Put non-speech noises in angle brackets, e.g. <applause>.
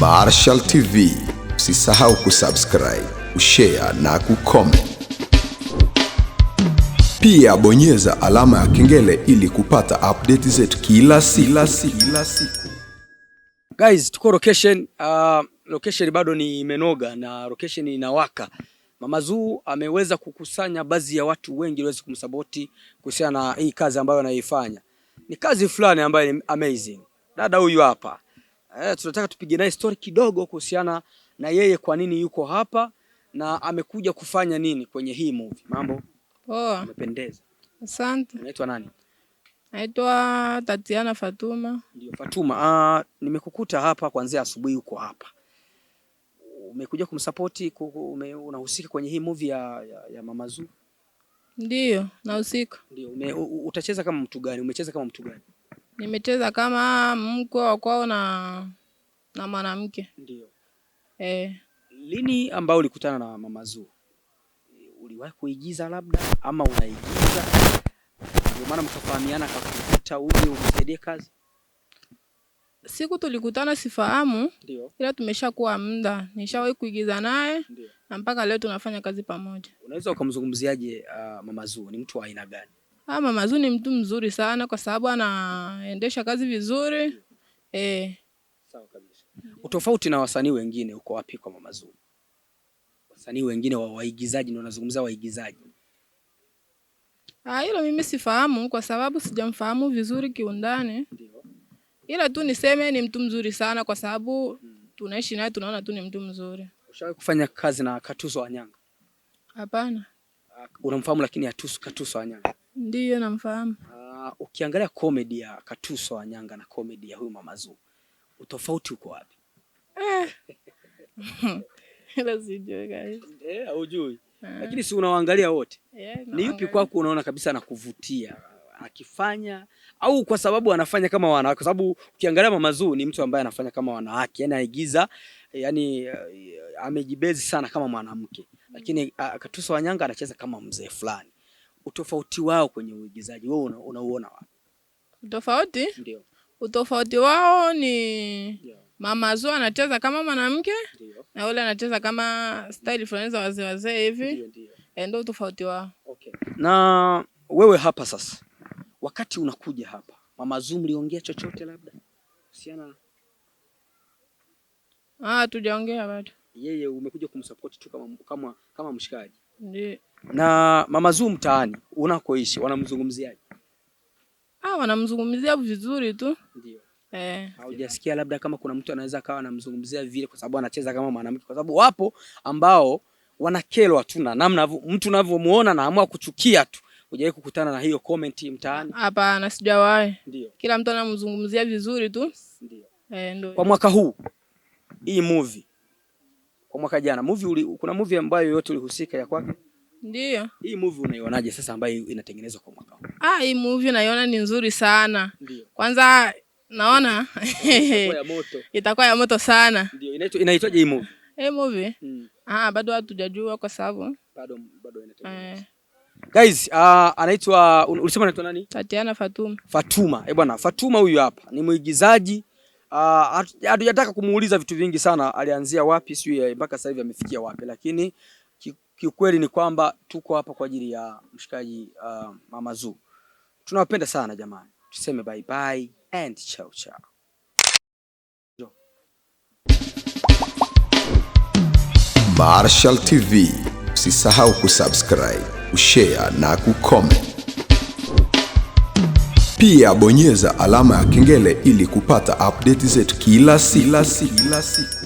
Marshall TV. Usisahau kusubscribe, kushare na kucomment. Pia bonyeza alama ya kengele ili kupata update zetu kila siku. Guys, tuko location, uh, location bado ni imenoga na location inawaka. Mama Zuu ameweza kukusanya baadhi ya watu wengi waweze kumsapoti kuhusiana na hii kazi ambayo anaifanya. Ni kazi fulani ambayo ni amazing. Dada huyu hapa eh, tunataka tupige naye story kidogo kuhusiana na yeye, kwa nini yuko hapa na amekuja kufanya nini kwenye hii movie. Mambo poa, Amependeza. Asante. Unaitwa nani? Naitwa Tatiana Fatuma. Ndio Fatuma. Ah, nimekukuta hapa kuanzia asubuhi, uko hapa umekuja kumsapoti, unahusika kwenye hii movie ya, ya, ya Mama Zuu? Ndio, nahusika. Ndio, utacheza kama mtu gani? Umecheza kama mtu gani? Nimecheza kama mkwe wa kwao na na mwanamke. Ndio. Eh. Lini ambao ulikutana na Mama Zuu? Uliwahi kuigiza labda ama unaigiza? Ndio maana mkafahamiana akakukuta uje umsaidie kazi? Siku tulikutana sifahamu. Ndio. Ila tumeshakuwa muda. Nishawahi kuigiza naye na mpaka leo tunafanya kazi pamoja. Unaweza ukamzungumziaje, uh, Mama Zuu ni mtu wa aina gani? Ah, Mama Zuu ni mtu mzuri sana kwa sababu anaendesha kazi vizuri eh. Sawa kabisa. Utofauti na wasanii wengine uko wapi kwa Mama Zuu? Wasanii wengine wa waigizaji ndio wanazungumza waigizaji. Ah, hilo mimi sifahamu kwa sababu sijamfahamu vizuri kiundani, ila tu niseme ni mtu mzuri sana kwa sababu hmm, tunaishi naye tunaona tu ni mtu mzuri. Ushawahi kufanya kazi na Katuso Wanyanga? Hapana. Ah, unamfahamu lakini Katuso Wanyanga Ndiyo namfahamu. Uh, ukiangalia comedy ya Katuso Wanyanga na comedy ya huyu Mama Zuu, utofauti uko wapi? Eh. <laughs> Eh, haujui eh. lakini si unawaangalia wote yeah, ni yupi kwako unaona kabisa anakuvutia akifanya au kwa sababu anafanya kama wanawake? Kwa sababu ukiangalia Mama Zuu ni mtu ambaye anafanya kama wanawake, yani anaigiza, yani amejibezi sana kama mwanamke, lakini ah, Katuso Wanyanga anacheza kama mzee fulani utofauti wao kwenye uigizaji wewe unauona wapi? Utofauti? Ndio. Utofauti wao ni Ndio. Mama Zo anacheza kama mwanamke na yule anacheza kama style fulani za wazee wazee hivi, eh, ndio utofauti wao. Okay. Na wewe hapa sasa, wakati unakuja hapa Mama Zo mliongea chochote labda husiana? Ah, tujaongea bado. Yeye umekuja kumsupport tu kama, kama, kama mshikaji. Ndio. Na Mama Zuu mtaani unakoishi wanamzungumziaje? Ah, wanamzungumzia vizuri tu. Ndio. Eh. Haujasikia labda kama kuna mtu anaweza akawa anamzungumzia vile kwa sababu anacheza kama mwanamke, kwa sababu wapo ambao wanakelwa tu na namna mtu unavyomuona amua kuchukia tu. Hujawahi kukutana na hiyo comment mtaani? Hapana, sijawahi. Ndio. Kila mtu anamzungumzia vizuri tu. Ndio. Eh, ndio. Kwa mwaka huu hii movie kwa mwaka jana movie uli, kuna movie ambayo yote ulihusika ya kwake? Ndiyo. Hii movie unaionaje sasa ambayo inatengenezwa kwa mwaka huu? Ah, hii movie naiona ni nzuri sana. Ndiyo. Kwanza naona itakuwa ya moto. <laughs> sana. Ndiyo. inaitwa inaitwaje hii movie? Hii movie? Mm. Ah, bado hatujajua kwa sababu bado bado inatengenezwa. Eh. Guys, uh, anaitwa ulisema anaitwa nani? Tatiana Fatuma. Fatuma. Eh, bwana, Fatuma huyu hapa ni mwigizaji ah, hatujataka uh, kumuuliza vitu vingi sana, alianzia wapi sijui eh, mpaka sasa hivi amefikia wapi, lakini kiukweli ni kwamba tuko hapa kwa ajili ya mshikaji uh, Mama Zuu. Tunawapenda sana jamani, tuseme bye bye and chao chao. Marshal TV, usisahau kusubscribe, kushare na kucomment. Pia bonyeza alama ya kengele ili kupata update zetu kila siku.